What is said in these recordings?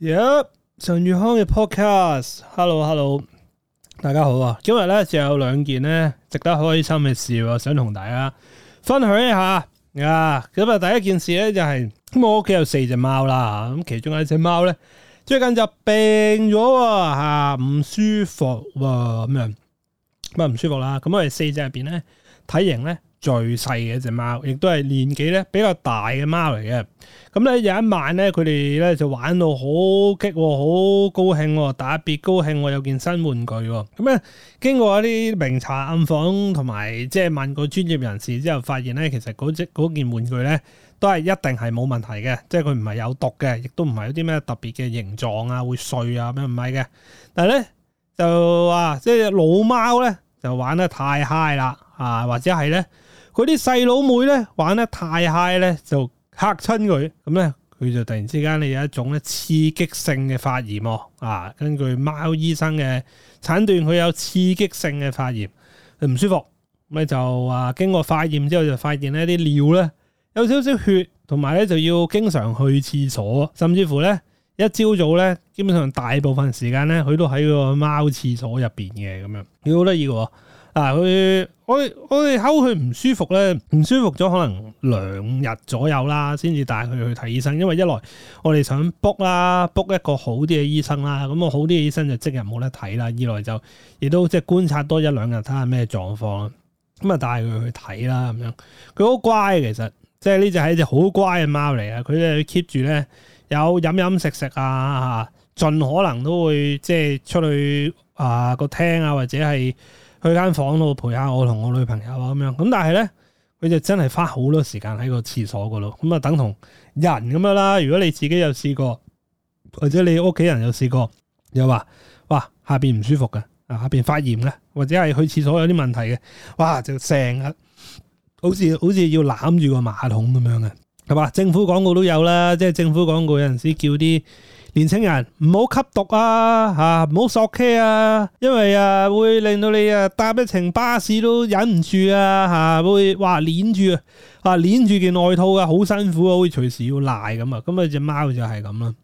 耶！陳宇康嘅 podcast，hello hello，大家好啊！今日咧就有兩件咧值得開心嘅事，想同大家分享一下啊！咁啊，第一件事咧就係咁，我屋企有四隻貓啦，咁其中有一隻貓咧最近就病咗吓，唔舒服咁樣，咁啊唔舒服啦，咁我哋四隻入邊咧。體型咧最細嘅一隻貓，亦都係年紀咧比較大嘅貓嚟嘅。咁咧有一晚咧，佢哋咧就玩到好激，好高興，特別高興喎，有件新玩具。咁咧經過一啲明察暗訪同埋即係問過專業人士之後，發現咧其實嗰隻嗰件玩具咧都係一定係冇問題嘅，即係佢唔係有毒嘅，亦都唔係有啲咩特別嘅形狀啊、會碎啊咩，唔係嘅。但係咧就話即係老貓咧。就玩得太 high 啦，啊或者係咧，佢啲細佬妹咧玩得太 high 咧，就吓親佢，咁咧佢就突然之間咧有一種咧刺激性嘅發炎哦，啊根據貓醫生嘅診斷，佢有刺激性嘅發炎，佢唔舒服，咁咧就啊經過化驗之後就發現一些呢啲尿咧有少少血，同埋咧就要經常去廁所，甚至乎咧。一朝早咧，基本上大部分時間咧，佢都喺個貓廁所入邊嘅咁樣，你好得意喎。佢、啊、我我哋睇佢唔舒服咧，唔舒服咗可能兩日左右啦，先至帶佢去睇醫生。因為一來我哋想 book 啦，book 一個好啲嘅醫生啦，咁、那、啊、個、好啲嘅醫生就即日冇得睇啦。二來就亦都即係觀察多一兩日，睇下咩狀況啦。咁啊帶佢去睇啦咁樣，佢好乖其實，即係呢隻係一隻好乖嘅貓嚟啊！佢啊 keep 住咧。有飲飲食食啊，啊，盡可能都會即係出去啊個廳啊，或者係去間房度陪下我同我女朋友啊咁樣。咁但係咧，佢就真係花好多時間喺個廁所嗰度。咁啊，等同人咁樣啦。如果你自己有試過，或者你屋企人有試過，又話哇下邊唔舒服嘅，啊下邊發炎咧，或者係去廁所有啲問題嘅，哇就成日，好似好似要攬住個馬桶咁樣嘅。係嘛？政府廣告都有啦，即係政府廣告有陣時叫啲年青人唔好吸毒啊，吓唔好索 K 啊，因為啊會令到你啊搭一程巴士都忍唔住啊，吓會哇黏住啊，啊黏住件外套啊，好辛苦啊，會隨時要賴咁啊，咁啊隻貓就係咁啦。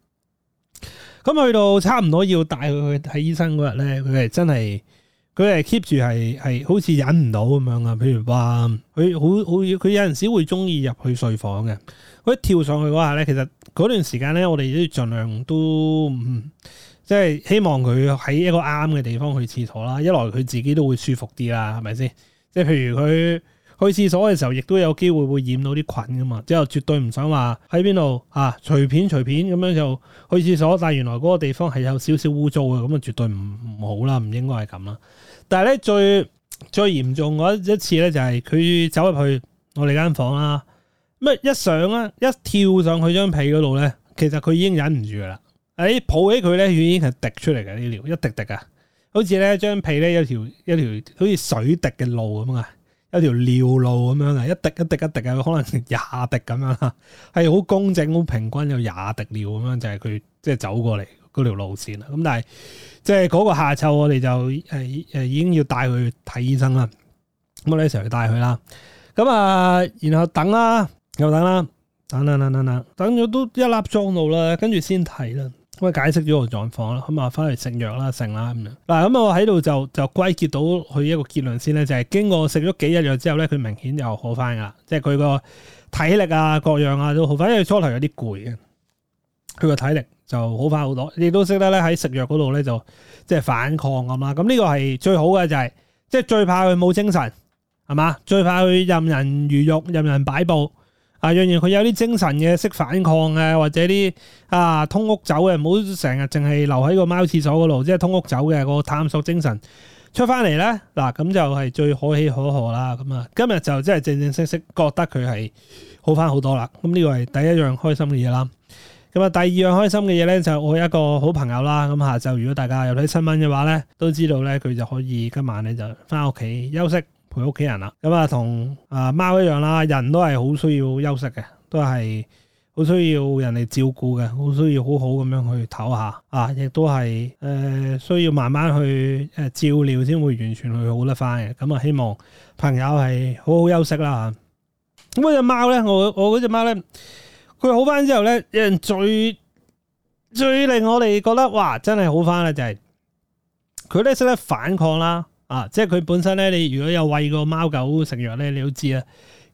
咁去到差唔多要帶佢去睇醫生嗰日咧，佢係真係。佢係 keep 住係係好似忍唔到咁樣啊！譬如話佢好好佢有陣時會中意入去睡房嘅，佢一跳上去嗰下咧，其實嗰段時間咧，我哋都盡量都即係、嗯就是、希望佢喺一個啱嘅地方去廁所啦。一來佢自己都會舒服啲啦，係咪先？即係譬如佢。去廁所嘅時候，亦都有機會會染到啲菌噶嘛，之後絕對唔想話喺邊度啊，隨便隨便咁樣就去廁所，但係原來嗰個地方係有少少污糟嘅，咁啊絕對唔唔好啦，唔應該係咁啦。但係咧最最嚴重嘅一次咧，就係佢走入去我哋間房啦，咁啊一上咧一跳上去張被嗰度咧，其實佢已經忍唔住噶啦，誒抱起佢咧，佢已經係滴出嚟嘅呢條，一滴滴啊，好似咧張被咧有條一條好似水滴嘅路咁啊。一條尿路咁樣啊，一滴一滴一滴啊，可能廿滴咁樣啦，係好工整好平均有廿滴尿咁樣，就係佢即係走過嚟嗰條路線啦。咁但係即係嗰個下晝，我哋就誒誒已經要帶佢睇醫生啦。咁我哋成日帶佢啦。咁啊，然後等啦，又等啦，等等等等等，等咗都一粒鐘到啦，跟住先睇啦。解釋咗個狀況啦，咁啊翻嚟食藥啦，剩啦咁樣。嗱，咁我喺度就就歸結到佢一個結論先咧，就係經過食咗幾日藥之後咧，佢明顯又好翻噶，即係佢個體力啊，各樣啊都好翻，因為初頭有啲攰嘅，佢個體力就好翻好多。亦都識得咧喺食藥嗰度咧就即係反抗咁啦。咁呢個係最好嘅，就係即係最怕佢冇精神，係嘛？最怕佢任人魚肉，任人擺布。啊，若然佢有啲精神嘅，識反抗嘅、啊，或者啲啊通屋走嘅，唔好成日淨係留喺個貓廁所嗰度，即係通屋走嘅、個探索精神出翻嚟咧。嗱、啊，咁就係最可喜可賀啦。咁啊，今日就真係正正式式覺得佢係好翻好多啦。咁呢個係第一樣開心嘅嘢啦。咁啊，第二樣開心嘅嘢咧就我一個好朋友啦。咁、啊、下晝如果大家有睇新聞嘅話咧，都知道咧佢就可以今晚咧就翻屋企休息。陪屋企人啦，咁啊同啊貓一樣啦，人都係好需要休息嘅，都係好需要人哋照顧嘅，好需要好好咁樣去唞下啊，亦都係誒、呃、需要慢慢去誒照料先會完全去好得翻嘅。咁啊希望朋友係好好休息啦。咁啊隻貓咧，我我嗰隻貓咧，佢好翻之後咧，一樣最最令我哋覺得哇，真係好翻咧就係佢咧識得反抗啦。啊！即係佢本身咧，你如果有餵過貓狗食藥咧，你都知啦。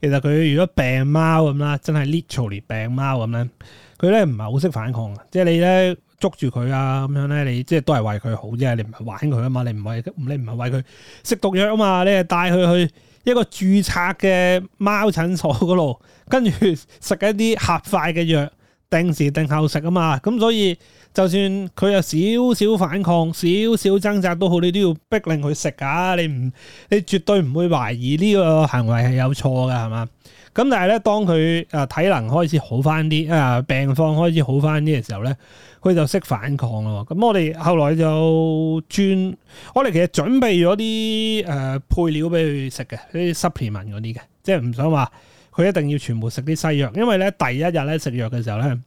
其實佢如果病貓咁啦，真係 literally 病貓咁咧，佢咧唔係好識反抗嘅。即係你咧捉住佢啊，咁樣咧，你即係都係為佢好啫。你唔係玩佢啊嘛，你唔係你唔係餵佢食毒藥啊嘛，你係帶佢去一個註冊嘅貓診所嗰度，跟住食一啲合塊嘅藥。定時定候食啊嘛，咁所以就算佢有少少反抗，少少掙扎都好，你都要逼令佢食噶，你唔你絕對唔會懷疑呢個行為係有錯噶，係嘛？咁但係咧，當佢誒體能開始好翻啲、啊、病況開始好翻啲嘅時候咧，佢就識反抗咯。咁我哋後來就專，我哋其實準備咗啲誒配料俾佢食嘅，啲 supplement 嗰啲嘅，即係唔想話。佢一定要全部食啲西藥，因為咧第一日咧食藥嘅時候咧，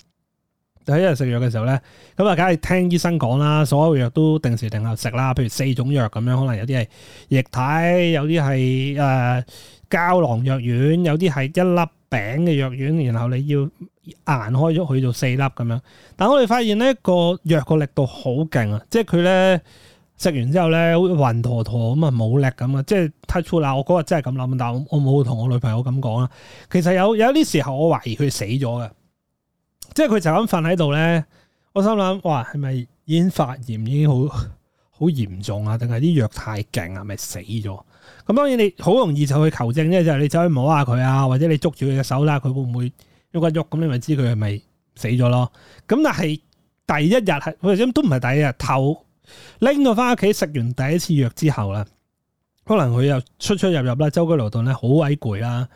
第一日食藥嘅時候咧，咁啊梗係聽醫生講啦，所有藥都定時定候食啦，譬如四種藥咁樣，可能有啲係液體，有啲係誒膠囊藥丸，有啲係一粒餅嘅藥丸，然後你要硬開咗佢做四粒咁樣。但我哋發現呢個藥個力度好勁啊，即係佢咧。食完之後咧，好似暈坨坨咁啊，冇力咁啊，即係太粗啦！我嗰日真係咁諗，但係我冇同我，我女朋友咁講啦。其實有有啲時候，我懷疑佢死咗嘅，即係佢就咁瞓喺度咧。我心諗，哇，係咪已經發炎，已經好好嚴重啊？定係啲藥太勁啊？咪死咗？咁當然你好容易就去求證，即就係你走去摸下佢啊，或者你捉住佢嘅手啦，佢會唔會喐一喐？咁你咪知佢係咪死咗咯？咁但係第一日係或者都唔係第一日透。拎到翻屋企食完第一次藥之後啦，可能佢又出出入入啦，周居勞頓咧，好鬼攰啦，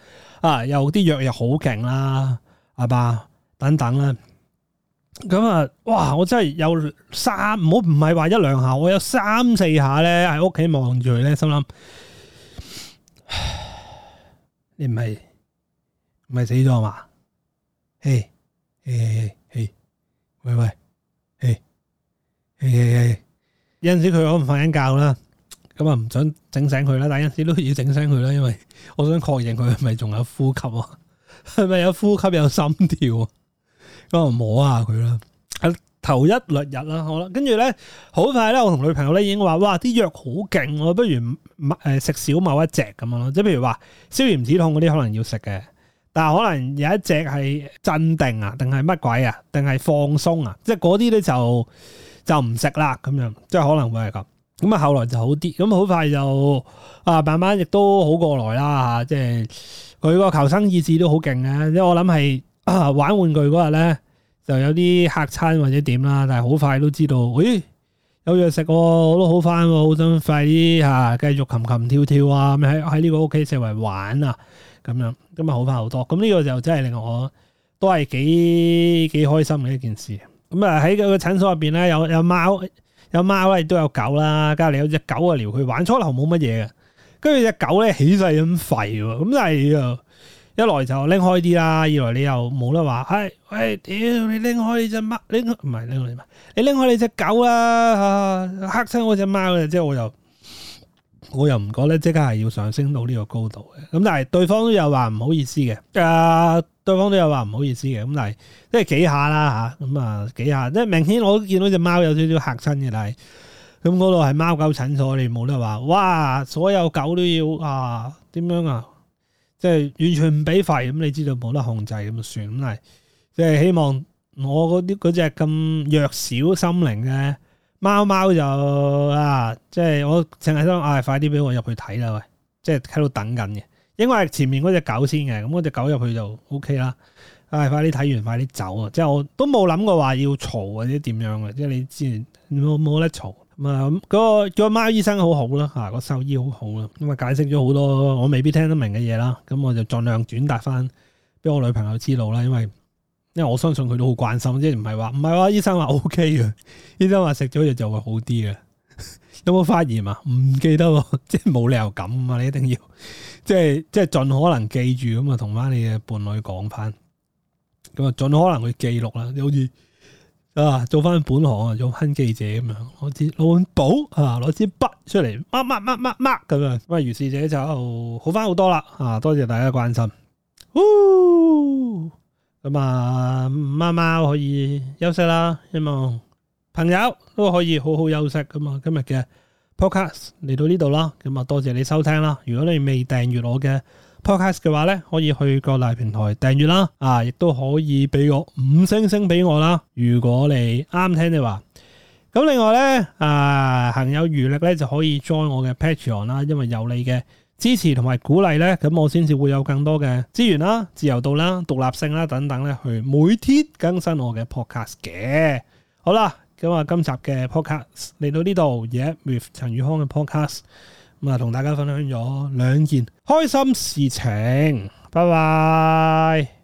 啊，又啲藥又好勁啦，係吧？等等啦，咁啊，哇！我真係有三，唔好唔係話一兩下，我有三四下咧，喺屋企望住佢咧，心諗你唔係唔係死咗嘛？嘿嘿嘿嘿，喂喂，嘿嘿嘿。」有陣時佢可唔瞓緊覺啦，咁啊唔想整醒佢啦，但有陣時都要整醒佢啦，因為我想確認佢係咪仲有呼吸，係咪有呼吸有心跳啊，咁我摸下佢啦。頭一兩日啦，好啦，跟住咧，好快咧，我同女朋友咧已經話，哇，啲藥好勁，我不如誒食少某一隻咁樣咯，即係譬如話消炎止痛嗰啲可能要食嘅，但係可能有一隻係鎮定啊，定係乜鬼啊，定係放鬆啊，即係嗰啲咧就。就唔食啦，咁樣即係可能會係咁。咁啊後來就好啲，咁好快就啊慢慢亦都好過來啦吓、啊。即係佢個求生意志都好勁嘅。即係我諗係、啊、玩玩具嗰日咧就有啲客餐或者點啦，但係好快都知道，誒、哎、有嘢食、哦，我都好翻、哦，好想快啲吓、啊、繼續琴琴跳跳啊！咁喺喺呢個屋企周圍玩啊，咁樣咁啊好翻好多。咁呢個就真係令我都係幾幾開心嘅一件事。咁啊喺個個診所入邊咧，有有貓有貓啦，亦都有狗啦，隔籬有隻狗啊撩佢玩，初頭冇乜嘢嘅，跟住隻狗咧起勢咁吠喎，咁但係你又一來就拎開啲啦，二來你又冇得話，唉唉屌你拎開你隻貓拎，唔係拎開你，你拎開你隻狗啦吓吓吓，吓親我隻貓啊，之後我又。我又唔覺咧，即刻係要上升到呢個高度嘅。咁但係對方都有話唔好意思嘅，誒、呃，對方都有話唔好意思嘅。咁但係即係幾下啦吓，咁啊幾下，即係明顯我都見到隻貓有少少吓親嘅。但係咁嗰度係貓狗診所，你冇得話，哇！所有狗都要啊，點樣啊？即係完全唔俾吠咁，你知道冇得控制咁算。咁係即係希望我嗰啲嗰隻咁弱小心靈咧。貓貓就啊，即、就、係、是、我淨係想，哎，快啲俾我入去睇啦喂，即係喺度等緊嘅。因為前面嗰隻狗先嘅，咁嗰隻狗入去就 OK 啦。哎，快啲睇完，快啲走，那個那個，啊！即係我都冇諗過話要嘈或者點樣嘅，即係你之前冇冇得嘈。咁啊，嗰個嗰個貓醫生好好啦，吓個獸醫好好啦，咁啊解釋咗好多我未必聽得明嘅嘢啦。咁我就盡量轉達翻俾我女朋友知道啦，因為。因為我相信佢都好關心，即係唔係話唔係話醫生話 O K 嘅，醫生話食咗嘢就會好啲嘅。 有冇發炎啊？唔 記得喎，即係冇理由咁啊！你一定要即係即係盡可能記住咁啊，同翻你嘅伴侶講翻。咁啊，盡可能去記錄啦。你好似啊，做翻本行做新聞記者咁樣，攞支老本簿啊攞支筆出嚟乜乜乜乜乜咁啊，咁啊，如是者就好翻好，好多啦。啊，多謝大家關心。咁、嗯、啊，貓、嗯、貓可以休息啦，希望朋友都可以好好休息咁啊、嗯。今日嘅 podcast 嚟到呢度啦，咁、嗯、啊，多謝你收聽啦。如果你未訂閱我嘅 podcast 嘅話咧，可以去各大平台訂閱啦。啊，亦都可以俾個五星星俾我啦。如果你啱聽嘅話，咁另外咧啊，行有餘力咧就可以 join 我嘅 Patreon 啦，因為有你嘅。支持同埋鼓勵咧，咁我先至會有更多嘅資源啦、自由度啦、獨立性啦等等咧，去每天更新我嘅 podcast 嘅。好啦，咁啊，今集嘅 podcast 嚟到呢度，嘢、yeah, with 陳宇康嘅 podcast，咁啊，同大家分享咗兩件開心事情。拜拜。